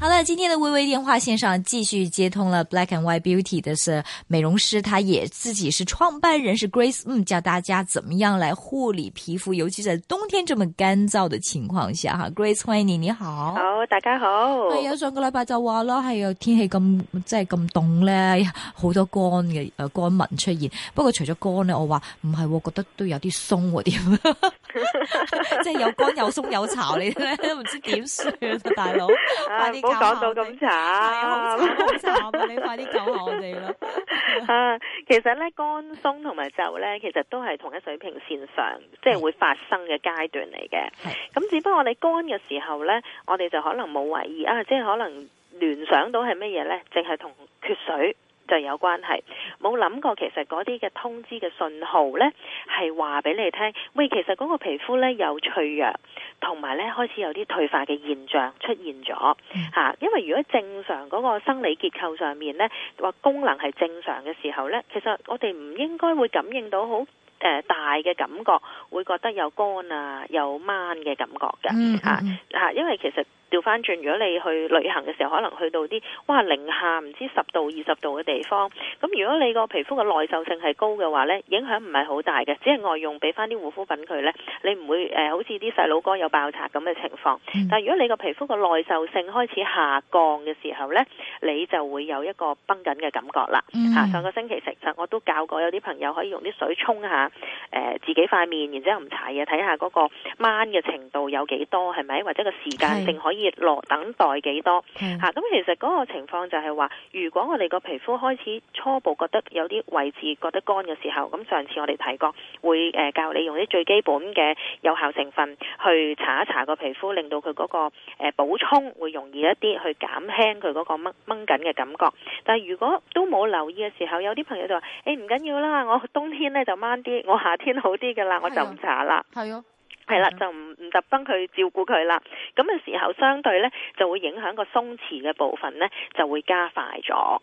好了，今天的微微電話線上繼續接通了 Black and White Beauty 的是美容師，他也自己是創辦人，是 Grace。嗯，教大家怎麼樣來護理皮膚，尤其在冬天這麼乾燥的情況下，哈，Grace，歡迎你，你好。好，大家好。哎呀，上個禮拜就話咯，係、哎、啊，天氣咁即係咁凍咧，好多乾嘅誒乾紋出現。不過除咗乾呢，我話唔係，我覺得都有啲鬆喎，點？ 即係有乾有鬆有巢嚟咧，唔知點算啊，大佬，快啲。講到咁慘，你快啲救我哋啦！啊，其實咧，乾鬆同埋皺咧，其實都係同一水平線上，即係會發生嘅階段嚟嘅。咁 只不過我哋乾嘅時候咧，我哋就可能冇懷疑啊，即係可能聯想到係乜嘢咧？淨係同缺水。就有關係，冇諗過其實嗰啲嘅通知嘅信號呢係話俾你哋聽，喂，其實嗰個皮膚呢有脆弱，同埋呢開始有啲退化嘅現象出現咗嚇。嗯、因為如果正常嗰個生理結構上面呢，話功能係正常嘅時候呢，其實我哋唔應該會感應到好誒、呃、大嘅感覺，會覺得有乾啊、有掹嘅感覺嘅嚇嚇，因為其實。調翻轉，如果你去旅行嘅時候，可能去到啲哇零下唔知十度二十度嘅地方，咁如果你個皮膚嘅耐受性係高嘅話呢，影響唔係好大嘅，只係外用俾翻啲護膚品佢呢，你唔會誒、呃、好似啲細佬哥有爆拆咁嘅情況。但係如果你個皮膚嘅耐受性開始下降嘅時候呢，你就會有一個繃緊嘅感覺啦。嚇、嗯啊！上個星期實習我都教過有啲朋友可以用啲水沖下誒、呃、自己塊面，然之後唔搽嘢，睇下嗰個掹嘅程度有幾多，係咪？或者個時間性可以。熱羅等待幾多？吓的，咁、啊、其實嗰個情況就係話，如果我哋個皮膚開始初步覺得有啲位置覺得乾嘅時候，咁上次我哋提過會誒教你用啲最基本嘅有效成分去搽一搽個皮膚，令到佢嗰個誒補充會容易一啲，去減輕佢嗰個掹掹緊嘅感覺。但係如果都冇留意嘅時候，有啲朋友就話：誒唔緊要啦，我冬天呢就掹啲，我夏天好啲噶啦，我就唔搽啦。係係啦，就唔唔特登去照顧佢啦，咁嘅時候相對呢就會影響個鬆弛嘅部分呢就會加快咗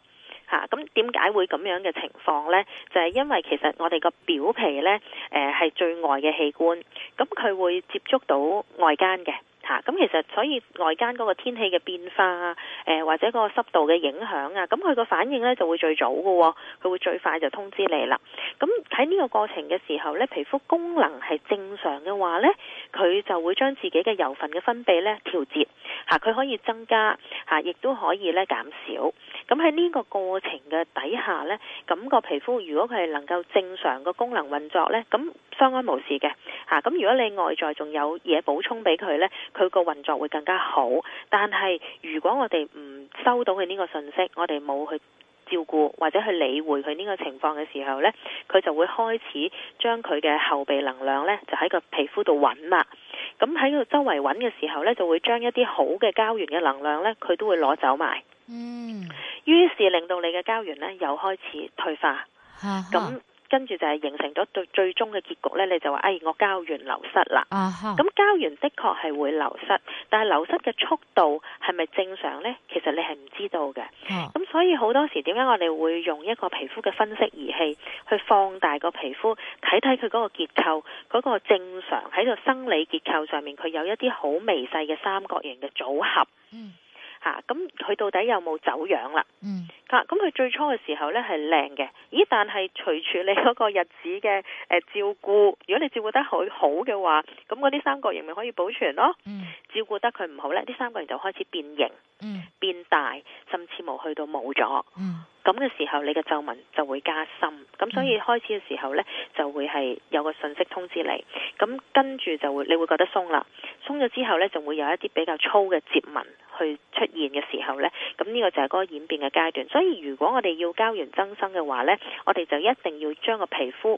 吓。咁點解會咁樣嘅情況呢？就係因為其實我哋個表皮呢誒係最外嘅器官，咁佢會接觸到外間嘅。嚇！咁其實所以外間嗰個天氣嘅變化啊，誒、呃、或者嗰個濕度嘅影響啊，咁佢個反應呢就會最早嘅、哦，佢會最快就通知你啦。咁喺呢個過程嘅時候呢，皮膚功能係正常嘅話呢，佢就會將自己嘅油份嘅分泌呢調節嚇，佢、啊、可以增加嚇、啊，亦都可以呢減少。咁喺呢個過程嘅底下呢，咁個皮膚如果佢係能夠正常個功能運作呢，咁相安無事嘅嚇。咁、啊、如果你外在仲有嘢補充俾佢呢，佢個運作會更加好。但係如果我哋唔收到佢呢個信息，我哋冇去照顧或者去理會佢呢個情況嘅時候呢，佢就會開始將佢嘅後備能量呢就喺個皮膚度揾啦。咁喺個周圍揾嘅時候呢，就會將一啲好嘅膠原嘅能量呢，佢都會攞走埋。嗯，於、mm hmm. 是令到你嘅膠原呢又開始退化，咁跟住就係形成咗最最終嘅結局呢，你就話，哎，我膠原流失啦。咁膠、uh huh. 原的確係會流失，但係流失嘅速度係咪正常呢？其實你係唔知道嘅。咁、uh huh. 所以好多時點解我哋會用一個皮膚嘅分析儀器去放大個皮膚，睇睇佢嗰個結構，嗰個正常喺個生理結構上面，佢有一啲好微細嘅三角形嘅組合。Mm hmm. 啊！咁佢到底有冇走樣啦？嗯，咁咁佢最初嘅時候咧係靚嘅，咦？但係隨住你嗰個日子嘅誒照顧，如果你照顧得佢好嘅話，咁嗰啲三角形咪可以保存咯。嗯，照顧得佢唔好咧，啲三角形就開始變形，變大，甚至無去到冇咗。嗯。咁嘅時候，你嘅皺紋就會加深。咁所以開始嘅時候呢，就會係有個信息通知你。咁跟住就會，你會覺得鬆啦。鬆咗之後呢，就會有一啲比較粗嘅結紋去出現嘅時候呢。咁呢個就係嗰個演變嘅階段。所以如果我哋要膠原增生嘅話呢，我哋就一定要將個皮膚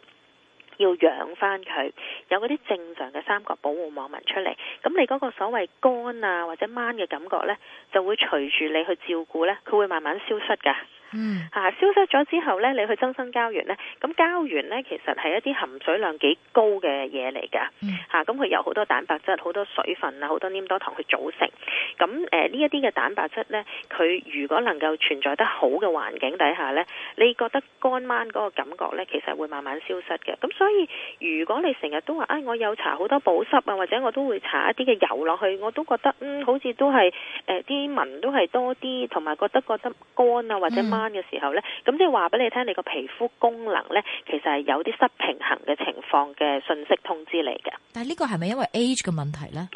要養翻佢，有嗰啲正常嘅三角保護網紋出嚟。咁你嗰個所謂乾啊或者掹嘅感覺呢，就會隨住你去照顧呢，佢會慢慢消失噶。嗯，mm hmm. 消失咗之後呢，你去增生膠原呢。咁膠原呢，其實係一啲含水量幾高嘅嘢嚟㗎，嚇咁佢有好多蛋白質、好多水分啊、好多黏多糖去組成。咁呢一啲嘅蛋白質呢，佢如果能夠存在得好嘅環境底下呢，你覺得乾掹嗰個感覺呢，其實會慢慢消失嘅。咁所以如果你成日都話啊、哎，我有搽好多保濕啊，或者我都會搽一啲嘅油落去，我都覺得嗯好似都係啲、呃、紋都係多啲，同埋覺得覺得乾啊或者、mm。Hmm. 嘅時候咧，咁即係話俾你聽，你個皮膚功能咧，其實係有啲失平衡嘅情況嘅信息通知嚟嘅。但係呢個係咪因為 Age 嘅問題咧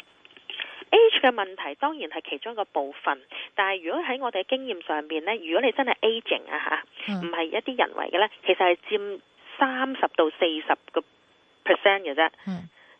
？Age 嘅問題當然係其中一個部分，但係如果喺我哋嘅經驗上邊咧，如果你真係 Aging 啊吓，唔係一啲人為嘅咧，其實係佔三十到四十個 percent 嘅啫。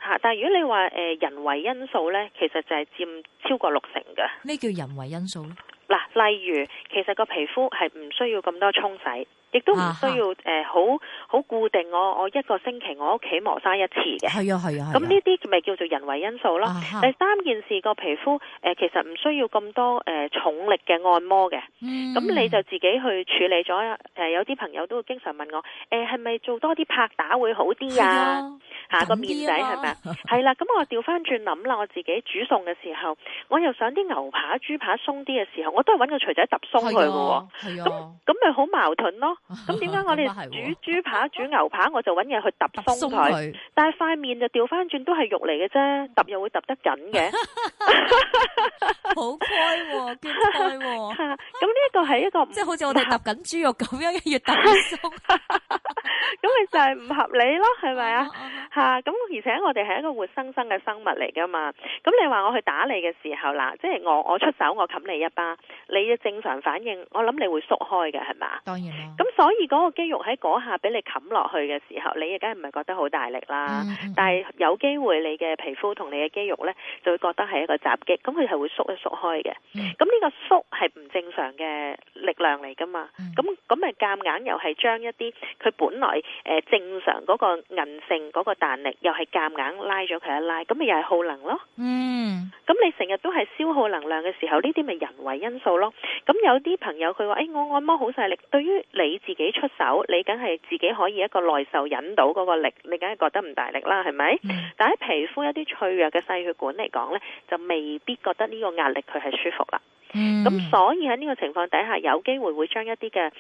吓，但係如果你話誒人為因素咧，其實就係佔超過六成嘅。呢叫人為因素咯。嗱，例如，其實個皮膚係唔需要咁多沖洗。亦都唔需要誒，好好固定我，我一個星期我屋企磨砂一次嘅。係啊，係啊，咁呢啲咪叫做人為因素咯。第三件事個皮膚誒，其實唔需要咁多誒重力嘅按摩嘅。嗯。咁你就自己去處理咗。誒，有啲朋友都會經常問我，誒，係咪做多啲拍打會好啲啊？係啊。嚇個面仔係咪啊？係啦，咁我調翻轉諗啦，我自己煮餸嘅時候，我又想啲牛扒、豬扒鬆啲嘅時候，我都係揾個錘仔揼鬆佢喎。係啊。咁咁咪好矛盾咯～咁點解我哋煮豬扒、煮牛扒，我就揾嘢去揼鬆佢，但係塊面就掉翻轉都係肉嚟嘅啫，揼又會揼得緊嘅，好乖喎，見乖喎。吓，咁呢一個係一個即係好似我哋揼緊豬肉咁樣嘅嘢揼鬆，咁咪就係唔合理咯，係咪啊？吓，咁而且我哋係一個活生生嘅生物嚟噶嘛？咁你話我去打你嘅時候，嗱，即係我我出手，我冚你一巴，你嘅正常反應，我諗你會縮開嘅，係咪？當然咁所以嗰個肌肉喺嗰下俾你冚落去嘅時候，你梗係唔係覺得好大力啦。嗯、但係有機會你嘅皮膚同你嘅肌肉咧，就會覺得係一個襲擊，咁佢係會縮一縮開嘅。咁呢、嗯、個縮係唔正常嘅力量嚟噶嘛？咁咁咪夾硬又係將一啲佢本來誒正常嗰個韌性嗰個彈力，又係夾硬拉咗佢一拉，咁咪又係耗能咯。嗯。咁你成日都係消耗能量嘅時候，呢啲咪人為因素咯？咁有啲朋友佢話誒我按摩好曬力，對於你。你自己出手，你梗係自己可以一個耐受引到嗰個力，你梗係覺得唔大力啦，係咪？Mm. 但喺皮膚一啲脆弱嘅細血管嚟講呢，就未必覺得呢個壓力佢係舒服啦。咁、mm. 所以喺呢個情況底下，有機會會將一啲嘅誒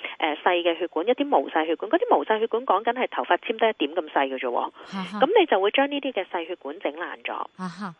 細嘅血管，一啲毛細血管，嗰啲毛細血管講緊係頭髮尖得一點咁細嘅啫。咁、uh huh. 你就會將呢啲嘅細血管整爛咗。Uh huh.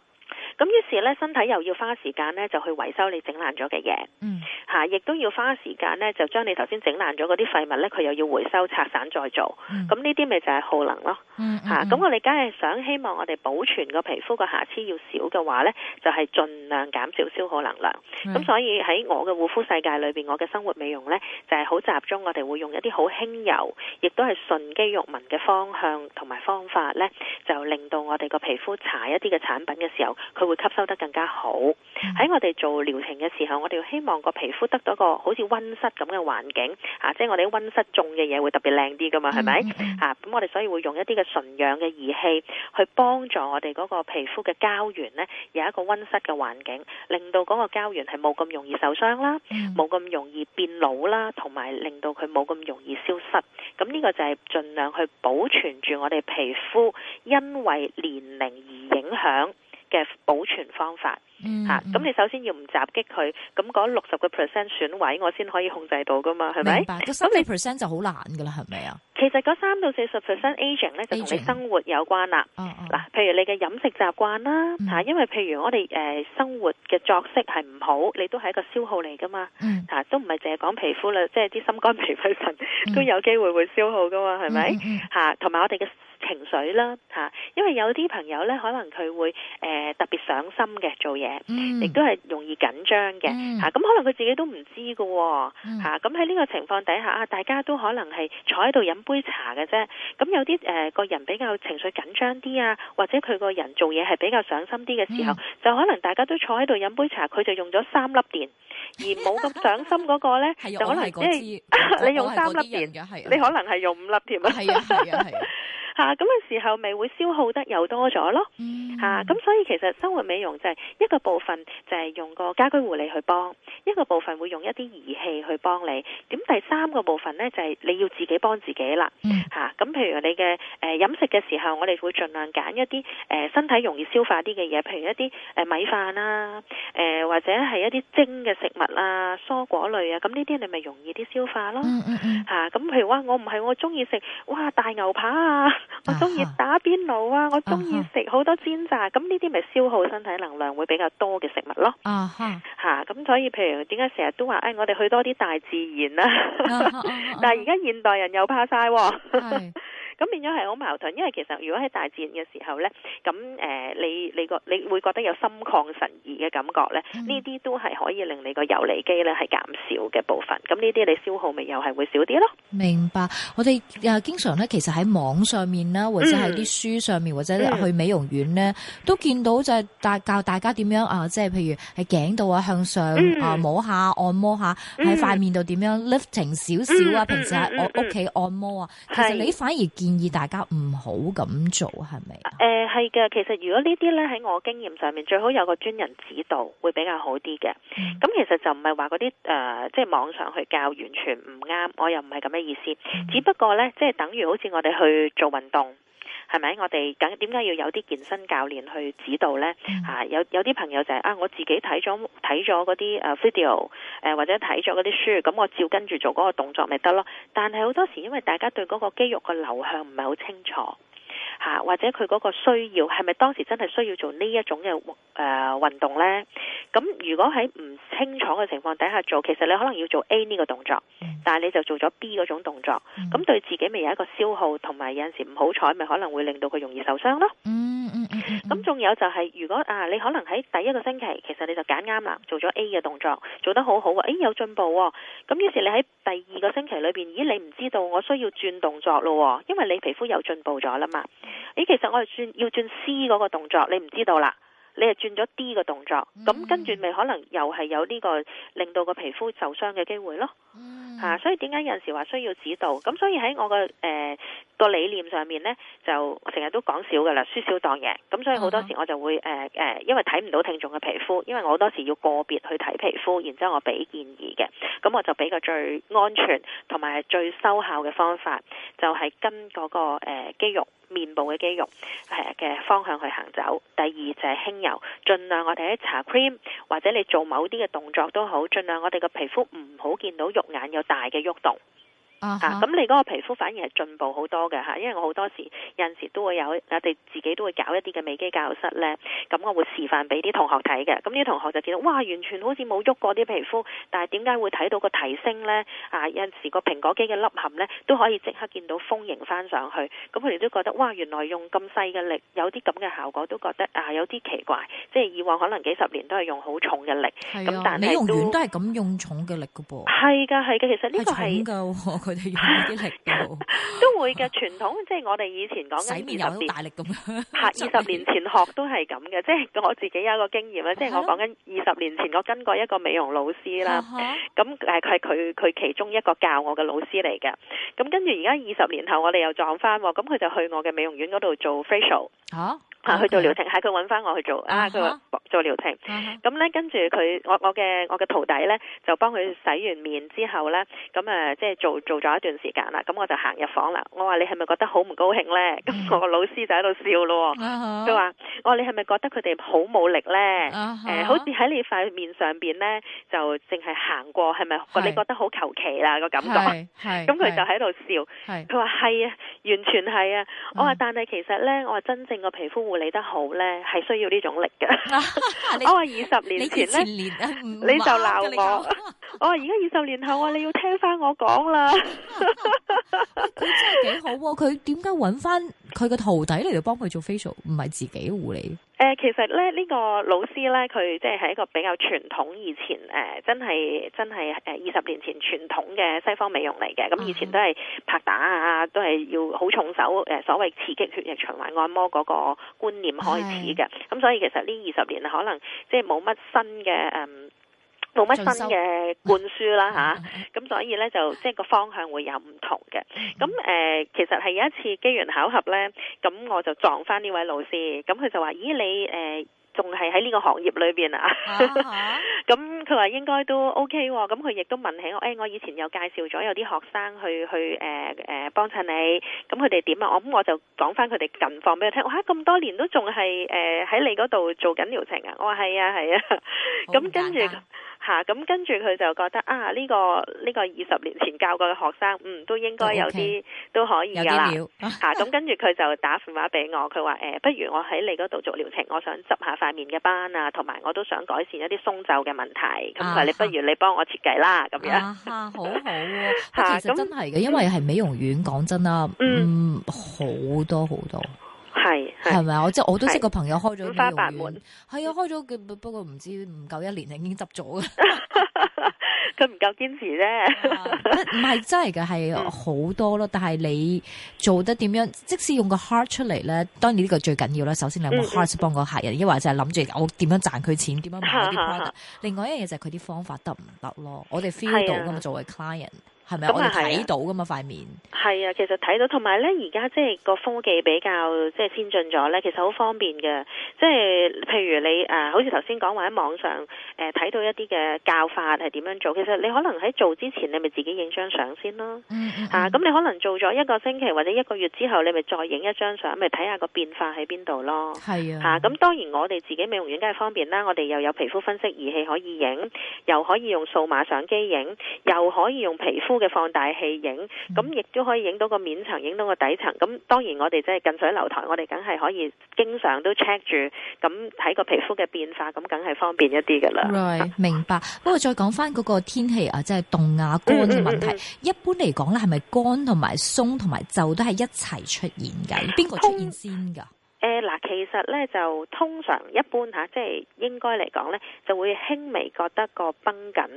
咁於是咧，身體又要花時間咧，就去維修你整爛咗嘅嘢，嗯，嚇，亦都要花時間咧，就將你頭先整爛咗嗰啲廢物咧，佢又要回收拆散再做，咁呢啲咪就係耗能咯，嗯，咁、啊嗯、我哋梗係想希望我哋保存個皮膚個瑕疵要少嘅話咧，就係、是、盡量減少消耗能量，咁、嗯、所以喺我嘅護膚世界裏邊，我嘅生活美容咧就係好集中，我哋會用一啲好輕柔，亦都係順肌肉紋嘅方向同埋方法咧，就令到我哋個皮膚搽一啲嘅產品嘅時候。佢會吸收得更加好。喺我哋做療程嘅時候，我哋希望個皮膚得到一個好似温室咁嘅環境，啊，即係我哋温室種嘅嘢會特別靚啲㗎嘛，係咪？嗯嗯、啊，咁我哋所以會用一啲嘅純氧嘅儀器去幫助我哋嗰個皮膚嘅膠原呢，有一個温室嘅環境，令到嗰個膠原係冇咁容易受傷啦，冇咁、嗯、容易變老啦，同埋令到佢冇咁容易消失。咁呢個就係儘量去保存住我哋皮膚因為年齡而影響。嘅保存方法嚇，咁、mm hmm. 啊、你首先要唔襲擊佢，咁嗰六十個 percent 損毀我先可以控制到噶嘛，係咪？明白。咁三、四十 percent 那就好難噶啦，係咪啊？其實嗰三到四十 percent aging 咧，就同你生活有關啦。嗱、oh, oh. 啊，譬如你嘅飲食習慣啦嚇、mm hmm. 啊，因為譬如我哋誒、呃、生活嘅作息係唔好，你都係一個消耗嚟噶嘛嚇、mm hmm. 啊，都唔係淨係講皮膚啦，即係啲心肝脾肺腎都有機會會消耗噶嘛，係咪嚇？同埋我哋嘅。Hmm. Mm hmm. 情緒啦嚇，因為有啲朋友咧，可能佢會誒、呃、特別上心嘅做嘢，嗯、亦都係容易緊張嘅嚇。咁、嗯啊、可能佢自己都唔知嘅喎嚇。咁喺呢個情況底下啊，大家都可能係坐喺度飲杯茶嘅啫。咁有啲誒、呃、個人比較情緒緊張啲啊，或者佢個人做嘢係比較上心啲嘅時候，嗯、就可能大家都坐喺度飲杯茶，佢就用咗三粒電，嗯、而冇咁上心嗰個咧， 的就可能即係 你用三粒電 你可能係用五粒添啊，係啊係啊係。吓咁嘅時候咪會消耗得又多咗咯，吓、啊、咁所以其實生活美容就係一個部分就係用個家居護理去幫，一個部分會用一啲儀器去幫你。咁第三個部分呢，就係、是、你要自己幫自己啦，吓、啊、咁譬如你嘅誒飲食嘅時候，我哋會盡量揀一啲誒、呃、身體容易消化啲嘅嘢，譬如一啲誒米飯啦、啊，誒、呃、或者係一啲蒸嘅食物啊、蔬果類啊，咁呢啲你咪容易啲消化咯，吓、啊、咁譬如話我唔係我中意食哇大牛扒啊。我中意打邊爐啊！我中意食好多煎炸，咁呢啲咪消耗身體能量會比較多嘅食物咯。啊，吓、咁，所以譬如點解成日都話誒，我哋去多啲大自然啦。但係而家現代人又怕曬。咁變咗係好矛盾，因為其實如果喺大自然嘅時候咧，咁、呃、誒你你覺你會覺得有心曠神怡嘅感覺咧，呢啲、嗯、都係可以令你個遊離基咧係減少嘅部分。咁呢啲你消耗咪又係會少啲咯。明白，我哋誒經常咧，其實喺網上面啦，或者喺啲書上面，或者去美容院咧，都見到就係大教大家點樣啊，即係譬如喺頸度啊向上啊摸下按摩下，喺塊面度點樣 lifting 少少啊，嗯、平時喺屋屋企按摩啊，其實你反而。建議大家唔好咁做，係咪？誒、啊，係、呃、嘅。其實如果呢啲咧喺我經驗上面，最好有個專人指導會比較好啲嘅。咁、嗯、其實就唔係話嗰啲誒，即係網上去教完全唔啱，我又唔係咁嘅意思。只不過咧，即係等於好似我哋去做運動。係咪？我哋咁點解要有啲健身教練去指導呢？嗯、啊，有有啲朋友就係、是、啊，我自己睇咗睇咗嗰啲誒 video，誒、呃、或者睇咗嗰啲書，咁、嗯、我照跟住做嗰個動作咪得咯。但係好多時因為大家對嗰個肌肉嘅流向唔係好清楚。吓，或者佢嗰個需要係咪當時真係需要做呢一種嘅誒運動呢？咁如果喺唔清楚嘅情況底下做，其實你可能要做 A 呢個動作，但係你就做咗 B 嗰種動作，咁對自己咪有一個消耗，同埋有陣時唔好彩咪可能會令到佢容易受傷咯。嗯咁仲，嗯嗯、有就係、是、如果啊，你可能喺第一個星期，其實你就揀啱啦，做咗 A 嘅動作，做得好好啊、誒、哎，有進步哦。咁於是你喺第二個星期裏邊，咦你唔知道我需要轉動作咯，哦，因為你皮膚有進步咗啦嘛。誒，其實我係轉要轉 C 嗰個動作，你唔知道啦，你係轉咗 D 個動作，咁跟住咪可能又係有呢個令到個皮膚受傷嘅機會咯。吓、啊，所以點解有陣時話需要指導，咁所以喺我個誒、呃、個理念上面咧，就成日都講少噶啦，輸少當贏，咁所以好多時我就會誒誒、呃呃、因為睇唔到聽眾嘅皮膚，因為我好多時要個別去睇皮膚，然之後我俾建議嘅。咁我就俾個最安全同埋最收效嘅方法，就係、是、跟嗰、那個誒、呃、肌肉、面部嘅肌肉誒嘅、呃、方向去行走。第二就係輕柔，盡量我哋喺搽 cream 或者你做某啲嘅動作都好，盡量我哋個皮膚唔好見到肉眼有。大嘅喐動。Uh huh. 啊，咁你嗰個皮膚反而係進步好多嘅嚇，因為我好多時有陣時都會有我哋自己都會搞一啲嘅美肌教室咧，咁我會示範俾啲同學睇嘅，咁啲同學就見到哇，完全好似冇喐過啲皮膚，但係點解會睇到個提升咧？啊，有陣時個蘋果肌嘅凹陷咧都可以即刻見到豐盈翻上去，咁佢哋都覺得哇，原來用咁細嘅力有啲咁嘅效果，都覺得啊有啲奇怪，即係以往可能幾十年都係用好重嘅力，係、啊、但美容院都係咁用重嘅力嘅噃，係㗎係㗎，其實呢個係重 都會嘅傳統， 即係我哋以前講緊二十年大力咁樣拍，二十年前學都係咁嘅， 即係我自己有一個經驗啦。 即係我講緊二十年前，我跟過一個美容老師啦。咁誒， 佢係佢佢其中一個教我嘅老師嚟嘅。咁跟住而家二十年後我，我哋又撞翻，咁佢就去我嘅美容院嗰度做 facial。啊！ 去做療程，係佢揾翻我去做啊，個做療程。咁呢，跟住佢，我我嘅我嘅徒弟呢，就幫佢洗完面之後呢，咁誒，即係做做咗一段時間啦。咁我就行入房啦。我話你係咪覺得好唔高興呢？咁我個老師就喺度笑咯，佢話，我話你係咪覺得佢哋好冇力呢？好似喺你塊面上邊呢，就淨係行過，係咪你覺得好求其啦個感覺？係，咁佢就喺度笑。佢話係啊，完全係啊。我話但係其實呢，我話真正個皮膚。護理得好咧，係需要呢種力嘅。 你我話二十年前咧，你，前你就鬧我。 我話而家二十年後，我 你要聽翻我講啦。佢、 欸、真係幾好、啊，佢點解揾翻佢個徒弟嚟到幫佢做 facial，唔係自己護理。誒其實咧，呢、這個老師咧，佢即係係一個比較傳統，以前誒、呃、真係真係誒二十年前傳統嘅西方美容嚟嘅。咁、mm hmm. 以前都係拍打啊，都係要好重手誒、呃，所謂刺激血液循環、按摩嗰個觀念開始嘅。咁、mm hmm. 所以其實呢二十年可能即係冇乜新嘅誒。嗯冇乜新嘅灌輸啦嚇，咁進修、 啊、所以呢，就即係個方向會有唔同嘅。咁誒、呃、其實係有一次機緣巧合呢，咁我就撞翻呢位老師，咁佢就話：咦你誒仲係喺呢個行業裏邊啊？咁佢話應該都 OK 喎、啊。咁佢亦都問起我：誒、哎、我以前又介紹有介紹咗有啲學生去去誒誒幫襯你，咁佢哋點啊？我咁我就講翻佢哋近況俾佢聽。哇咁多年都仲係誒喺你嗰度做緊療程啊！我話係啊係啊，咁跟住。 吓咁跟住佢就覺得啊呢個呢個二十年前教過嘅學生，嗯都應該有啲都可以噶啦嚇咁跟住佢就打電話俾我，佢話誒不如我喺你嗰度做療程，我想執下塊面嘅斑啊，同埋我都想改善一啲鬆皺嘅問題，咁佢話你不如你幫我設計啦咁樣好好嚇，其實真係嘅，因為係美容院講真啦，嗯好多好多。係係咪啊？即我都識個朋友開咗間美容院，係啊，開咗嘅，不過唔知唔夠一年已經執咗啦。佢唔夠堅持啫。唔 係、啊、真係嘅，係好多咯。但係你做得點樣？即使用個 heart 出嚟咧，當然呢個最緊要啦。首先你有冇 heart 幫個客人，抑或就係諗住我點樣賺佢錢，點樣賣啲 product。另外一樣嘢就係佢啲方法得唔得咯？我哋 feel 到噶嘛，啊、作為 client。係咪、 嗯、我哋睇到噶嘛塊面？係啊，其，其實睇到，同埋咧，而家即係個科技比較即係先進咗咧，其實好方便嘅。即係譬如你誒，好似頭先講話喺網上誒睇到一啲嘅教法係點樣做，其實你可能喺做之前，你咪自己影張相先咯。吓咁、 啊、你可能做咗一個星期或者一個月之後，你咪再影一張相，咪睇下個變化喺邊度咯。係啊，吓咁、啊、當然我哋自己美容院梗係方便啦，我哋又有皮膚分析儀器可以影，又可以用數碼相機影，又可以用皮膚。嘅放大器影，咁亦都可以影到個面層，影到個底層。咁當然我哋即係近水樓台，我哋梗係可以經常都 check 住，咁睇個皮膚嘅變化，咁梗係方便一啲噶啦。Right, 明白， 不過再講翻嗰個天氣、就是、啊，即係凍啊乾嘅問題。嗯嗯嗯。一般嚟講咧，係咪乾同埋鬆同埋皺都係一齊出現噶？邊個出現先噶？誒，嗱，呃，其實咧就通常一般吓，啊，即係應該嚟講咧，就會輕微覺得個繃緊，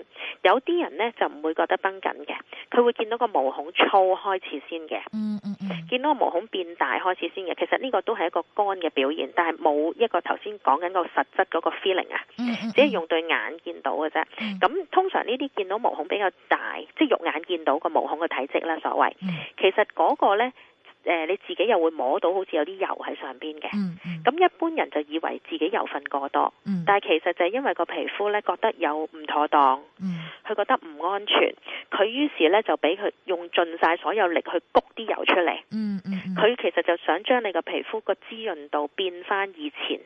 有啲人咧就唔會覺得繃緊嘅，佢會見到個毛孔粗開始先嘅，嗯，嗯嗯嗯，見到個毛孔變大開始先嘅，其實呢個都係一個乾嘅表現，但係冇一個頭先講緊個實質嗰個 feeling 啊，嗯嗯，只係用對眼見到嘅啫，咁，嗯嗯，通常呢啲見到毛孔比較大，即係肉眼見到個毛孔嘅體積啦，所謂，嗯嗯，其實嗰個咧。誒，你自己又會摸到好似有啲油喺上邊嘅，咁、嗯嗯、一般人就以為自己油份過多，嗯、但係其實就係因為個皮膚咧覺得有唔妥當，佢、嗯、覺得唔安全，佢於是咧就俾佢用盡晒所有力去谷啲油出嚟，佢、嗯嗯嗯、其實就想將你個皮膚個滋潤度變翻以前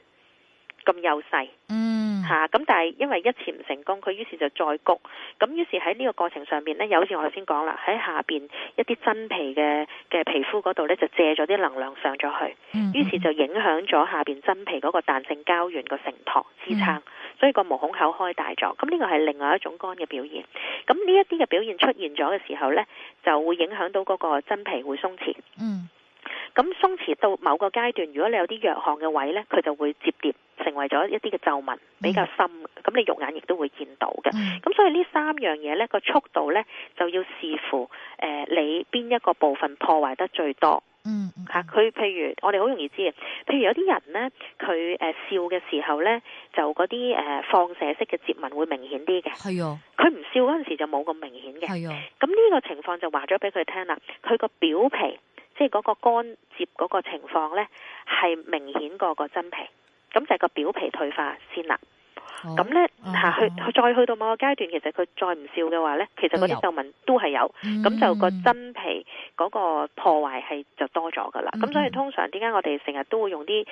咁幼細。嗯吓！咁、嗯、但係因為一次唔成功，佢於是就再谷。咁於是喺呢個過程上邊咧，有好似我頭先講啦，喺下邊一啲真皮嘅嘅皮膚嗰度呢，就借咗啲能量上咗去，於是就影響咗下邊真皮嗰個彈性膠原個承托支撐，所以個毛孔口開大咗。咁呢個係另外一種肝嘅表現。咁呢一啲嘅表現出現咗嘅時候呢，就會影響到嗰個真皮會鬆弛。嗯。咁鬆弛到某個階段，如果你有啲弱項嘅位呢，佢就會摺疊。成為咗一啲嘅皺紋比較深，咁、嗯、你肉眼亦都會見到嘅。咁、嗯、所以呢三樣嘢呢個速度呢，就要視乎誒、呃、你邊一個部分破壞得最多。嗯，吓、嗯、佢、啊、譬如我哋好容易知嘅，譬如有啲人呢，佢誒笑嘅時候呢，就嗰啲誒放射式嘅皺紋會明顯啲嘅。佢唔、哦、笑嗰陣時就冇咁明顯嘅。係咁呢個情況就話咗俾佢聽啦。佢個表皮即係嗰個乾皺嗰個情況呢，係明顯過個真皮。咁就係個表皮退化先啦，咁咧吓去再去到某個階段，其實佢再唔笑嘅話咧，其實嗰啲皺紋都係有，咁有、嗯、就個真皮嗰個破壞係就多咗噶啦。咁、嗯、所以通常點解我哋成日都會用啲誒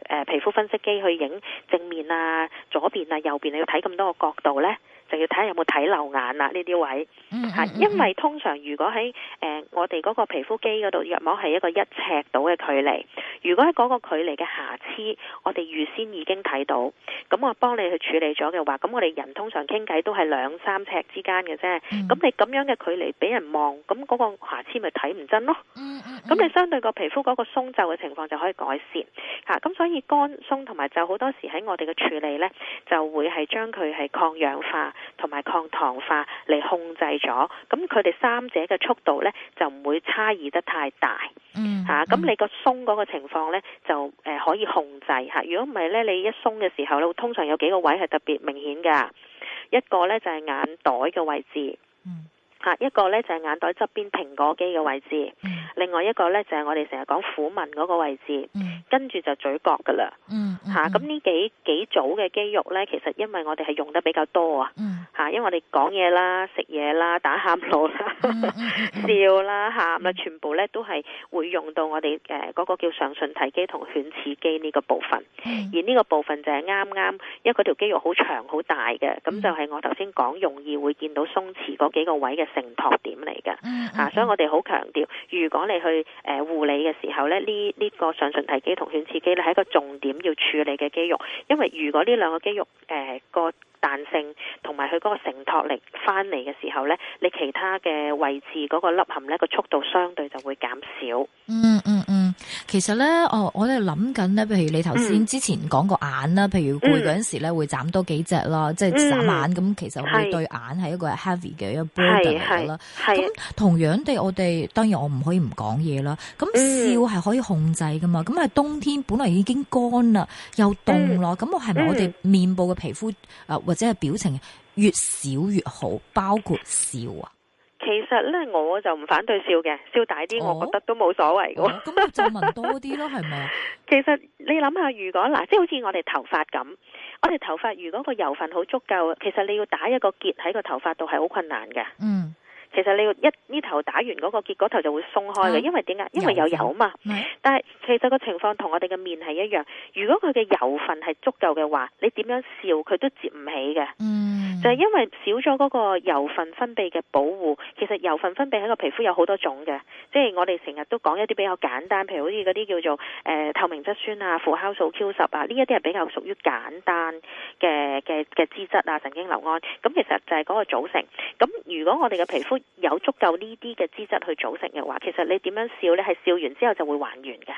誒皮膚分析機去影正面啊、左邊啊、右邊、啊，你要睇咁多個角度咧？就要睇下有冇睇漏眼啦、啊，呢啲位嚇、啊，因為通常如果喺誒、呃、我哋嗰個皮膚肌嗰度，約莫係一個一尺到嘅距離。如果喺嗰個距離嘅瑕疵，我哋預先已經睇到，咁我幫你去處理咗嘅話，咁我哋人通常傾偈都係兩三尺之間嘅啫。咁、嗯、你咁樣嘅距離俾人望，咁嗰個瑕疵咪睇唔真咯。咁、嗯、你相對個皮膚嗰個鬆皺嘅情況就可以改善嚇。咁、啊、所以乾鬆同埋皺就好多時喺我哋嘅處理呢，就會係將佢係抗氧化。同埋抗糖化嚟控制咗，咁佢哋三者嘅速度呢就唔會差異得太大。嗯，吓，咁你個鬆嗰個情況呢，就誒可以控制吓。如果唔係呢，你一鬆嘅時候，通常有幾個位係特別明顯噶。一個呢，就係眼袋嘅位置。嗯。吓一個咧，就係眼袋側邊蘋果肌嘅位置，另外一個咧，就係我哋成日講虎紋嗰個位置，跟住就嘴角噶啦，吓，咁呢幾幾組嘅肌肉咧，其實因為我哋係用得比較多啊，吓，因為我哋講嘢啦、食嘢啦、打喊露啦、笑啦，吓啊，全部咧，都係會用到我哋誒嗰個叫上唇提肌同犬齒肌呢個部分，而呢個部分就係啱啱，因為嗰條肌肉好長好大嘅，咁就係我頭先講容易會見到鬆弛嗰幾個位嘅。承托點嚟嘅，啊，所以我哋好強調，如果你去誒護理嘅時候咧，呢呢個上唇提肌同犬齒肌咧係一個重點要處理嘅肌肉，因為如果呢兩個肌肉誒個彈性同埋佢嗰個承托力翻嚟嘅時候咧，你其他嘅位置嗰個凹陷咧個速度相對就會減少。嗯嗯。其實咧，哦，我哋諗緊咧，譬如你頭先之前講過眼啦，嗯、譬如攰嗰陣時咧，會斬多幾隻啦，嗯、即係眨眼咁。嗯、其實我哋對眼係一個 heavy 嘅一個 burden 啦。咁同樣地我，我哋當然我唔可以唔講嘢啦。咁笑係可以控制噶嘛。咁係、嗯、冬天本來已經乾啦，又凍咯。咁、嗯、我係咪我哋面部嘅皮膚啊、嗯呃，或者係表情越少越好，包括笑啊？其實咧，我就唔反對笑嘅，笑大啲，我覺得都冇所謂嘅。咁、哦哦、皺紋多啲咯，係咪 吧？其實你諗下，如果嗱，即係好似我哋頭髮咁，我哋頭髮如果個油份好足夠，其實你要打一個結喺個頭髮度係好困難嘅。嗯，其實你要一呢頭打完嗰個結，嗰頭就會鬆開嘅，啊、因為點解？因為有油嘛。啊、但係其實個情況同我哋嘅面係一樣，如果佢嘅油份係足夠嘅話，你點樣笑佢都接唔起嘅。嗯。就係因為少咗嗰個油份分，分泌嘅保護，其實油份分，分泌喺個皮膚有好多種嘅，即係我哋成日都講一啲比較簡單，譬如好似嗰啲叫做誒、呃、透明質酸啊、輔酵素 Q10 啊，呢一啲係比較屬於簡單嘅嘅嘅脂質啊、神經油胺，咁其實就係嗰個組成。咁如果我哋嘅皮膚有足夠呢啲嘅脂質去組成嘅話，其實你點樣笑咧，你係笑完之後就會還原嘅。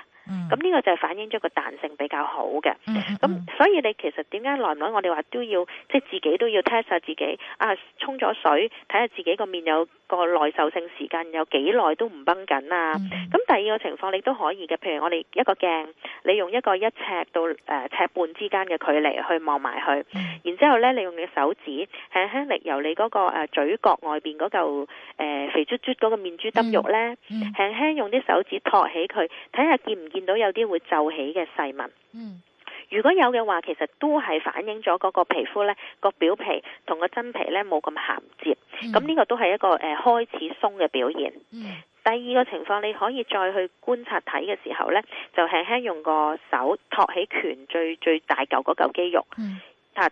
咁呢、嗯、個就係反映咗個彈性比較好嘅。咁所以你其實點解來來我哋話都要即係自己都要睇、啊、自己啊，沖咗水，睇下自己個面有、個耐受性時間有幾耐都唔繃緊啊。咁、嗯、第二個情況你都可以嘅，譬如我哋一個鏡，你用一個一尺到誒、呃、尺半之間嘅距離去望埋佢，嗯、然之後咧你用你嘅手指輕輕力由你嗰、個誒、呃、嘴角外邊嗰嚿誒肥嘟嘟嗰個面珠凸肉咧，嗯嗯、輕輕用啲手指托起佢，睇下見唔見到有啲會皺起嘅細紋。嗯嗯如果有嘅話，其實都係反映咗嗰個皮膚呢個表皮同個真皮呢冇咁銜接，咁呢、嗯、個都係一個誒、呃、開始鬆嘅表現。嗯、第二個情況，你可以再去觀察睇嘅時候呢，就輕輕用個手托起拳最最大嚿嗰嚿肌肉，嗯、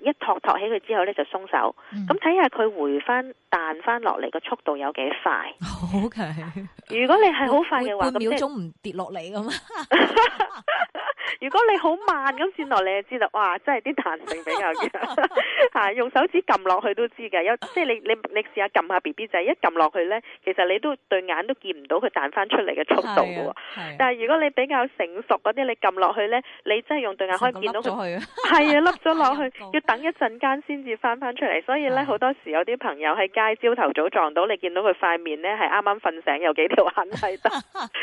一托托起佢之後呢，就鬆手，咁睇下佢回翻彈翻落嚟個速度有幾快。OK，如果你係好快嘅話，半秒鐘唔跌落嚟咁。如果你好慢咁算落，你就知道，哇，真係啲彈性比較弱啊！用手指撳落去都知㗎，有即係你你你試下撳下 B B 仔，一撳落去呢，其實你都對眼都見唔到佢彈翻出嚟嘅速度喎。但係如果你比較成熟嗰啲，你撳落去呢，你真係用對眼可以見到佢，係啊，凹咗落去，要等一陣間先至翻翻出嚟。所以呢，好多時有啲朋友喺街朝頭早撞到你，見到佢塊面呢係啱啱瞓醒，有幾條痕喺度，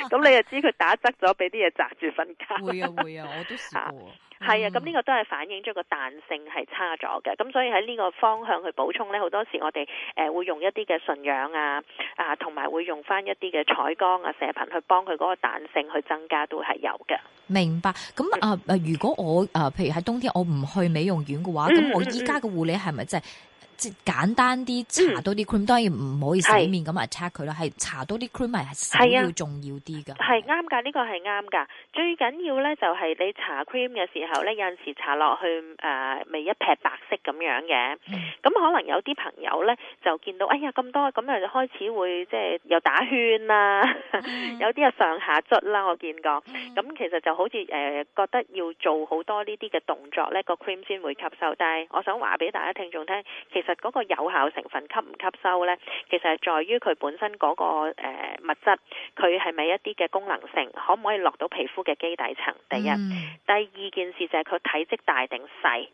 咁你就知佢打側咗，俾啲嘢擸住瞓覺。我都試過，係啊，咁呢、嗯啊、個都係反映咗個彈性係差咗嘅，咁所以喺呢個方向去補充呢，好多時我哋誒、呃、會用一啲嘅純氧啊，啊同埋會用翻一啲嘅彩光啊、射頻去幫佢嗰個彈性去增加都係有嘅。明白，咁啊、呃呃，如果我啊、呃，譬如喺冬天我唔去美容院嘅話，咁我依家嘅護理係咪真係？嗯嗯嗯嗯即係簡單啲搽多啲 cream，當然唔可以洗面咁嚟測佢咯，係搽多啲 cream 咪係首重要啲㗎。係啱㗎，呢、這個係啱㗎。最緊要咧就係你搽 cream 嘅時候咧，有陣時搽落去誒，咪、呃、一撇白色咁樣嘅。咁、嗯、可能有啲朋友咧就見到，哎呀咁多，咁啊就開始會即係又打圈啦、啊，嗯、 有啲啊上下捽啦，我見過。咁、嗯、其實就好似誒、呃、覺得要做好多呢啲嘅動作咧，這個 cream 先會吸收。嗯、但係我想話俾大家聽眾聽，其其實嗰個有效成分吸唔吸收呢？其實係在於佢本身嗰個、呃、物質，佢係咪一啲嘅功能性，可唔可以落到皮膚嘅基底層？第一，第二件事就係佢體積大定細。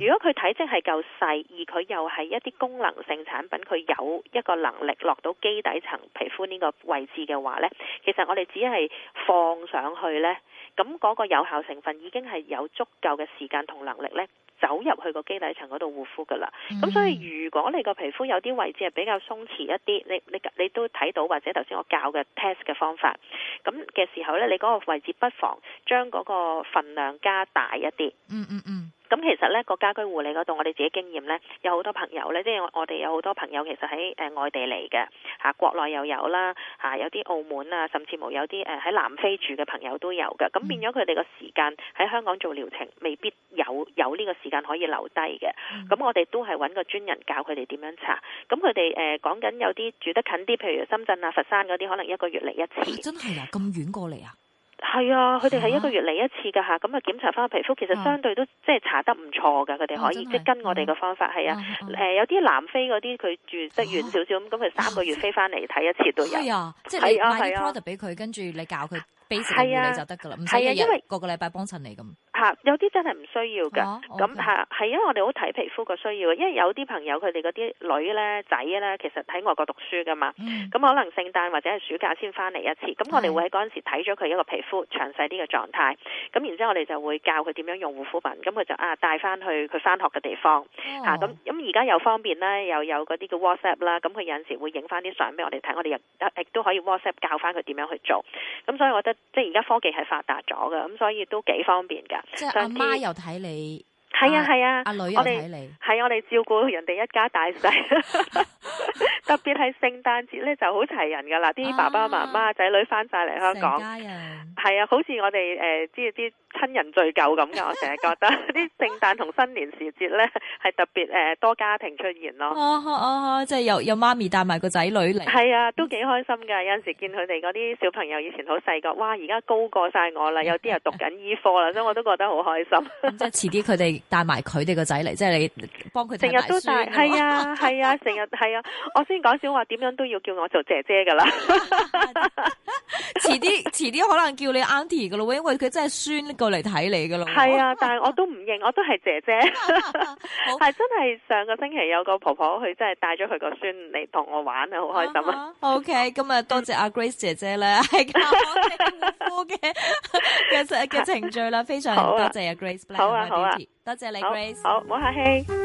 如果佢體積係夠細，而佢又係一啲功能性產品，佢有一個能力落到基底層皮膚呢個位置嘅話呢，其實我哋只係放上去呢。咁嗰個有效成分已經係有足夠嘅時間同能力呢。Mm hmm. 走入去個肌底層嗰度護膚噶啦，咁所以如果你個皮膚有啲位置係比較鬆弛一啲，你你你都睇到或者頭先我教嘅 test 嘅方法，咁嘅時候呢，你嗰個位置不妨將嗰個份量加大一啲。嗯嗯嗯。Hmm. 咁其實呢個家居護理嗰度，我哋自己經驗呢，有好多朋友呢，即係我哋有好多朋友其實喺誒、呃、外地嚟嘅，嚇、啊、國內又有啦，嚇、啊、有啲澳門啊，甚至乎有啲誒喺南非住嘅朋友都有嘅。咁變咗佢哋個時間喺香港做療程，未必有有呢個時間可以留低嘅。咁、嗯、我哋都係揾個專人教佢哋點樣查。咁佢哋誒講緊有啲住得近啲，譬如深圳啊、佛山嗰啲，可能一個月嚟一次。真係啊！咁遠過嚟啊！係啊，佢哋係一個月嚟一次噶吓，咁啊檢查翻個皮膚，其實相對都即係、嗯、查得唔錯噶佢哋、哦、可以即係的跟我哋嘅方法，係啊，誒、嗯嗯呃、有啲南非嗰啲佢住得係遠少少咁，咁佢、哦、三個月飛翻嚟睇一次都有，即係你買套 product 俾佢，跟住你教佢、啊，俾成年你就得噶啦，唔使日日個個禮拜幫襯你咁。有啲真係唔需要㗎，咁嚇係因為我哋好睇皮膚個需要，因為有啲朋友佢哋嗰啲女咧、仔咧，其實喺外國讀書㗎嘛，咁、嗯、可能聖誕或者係暑假先翻嚟一次，咁、嗯、我哋會喺嗰陣時睇咗佢一個皮膚詳細啲嘅狀態，咁、嗯、然之後我哋就會教佢點樣用護膚品，咁佢就啊帶翻去佢翻學嘅地方嚇，咁咁而家又方便咧，又有嗰啲叫 WhatsApp 啦，咁佢有時會影翻啲相俾我哋睇，我哋亦都可以 WhatsApp 教翻佢點樣去做，咁所以我覺得即係而家科技係發達咗嘅，咁所以都幾方便㗎。即係阿媽又睇你。係啊，係啊，阿女人喺你，係我哋照顧人哋一家大細，特別係聖誕節咧就好齊人噶啦，啲爸爸媽媽仔女翻晒嚟香港，係啊，好似我哋誒，即、知、啲親人聚舊咁嘅，我成日覺得啲聖誕同新年時節咧係特別誒、呃、多家庭出現咯，哦哦哦，即係有有媽咪帶埋個仔女嚟，係 啊，都幾開心噶，有陣時見佢哋嗰啲小朋友以前好細個，哇，而家高過晒我啦，有啲又讀緊醫科啦， 所以我都覺得好開心，即係遲啲佢哋。帶埋佢哋個仔嚟，即係你幫佢。成日都帶，係、嗯、啊，係啊，成日係啊。我先講小話，點樣都要叫我做姐姐噶啦。遲啲， 遲啲可能叫你 auntie 噶咯喎，因為佢真係孫過嚟睇你噶咯。係啊，嗯、但係我都唔認，我都係姐姐。係、 啊、 真係上個星期有個婆婆，佢真係帶咗佢個孫嚟同我玩啊，好開心啊。OK，咁啊，多、啊 okay, 謝阿 Grace 姐姐咧，護膚嘅嘅嘅程序啦，非常多謝阿 Grace 好啊，好啊。好啊寶寶多謝你好，Grace 好。好，唔好客氣。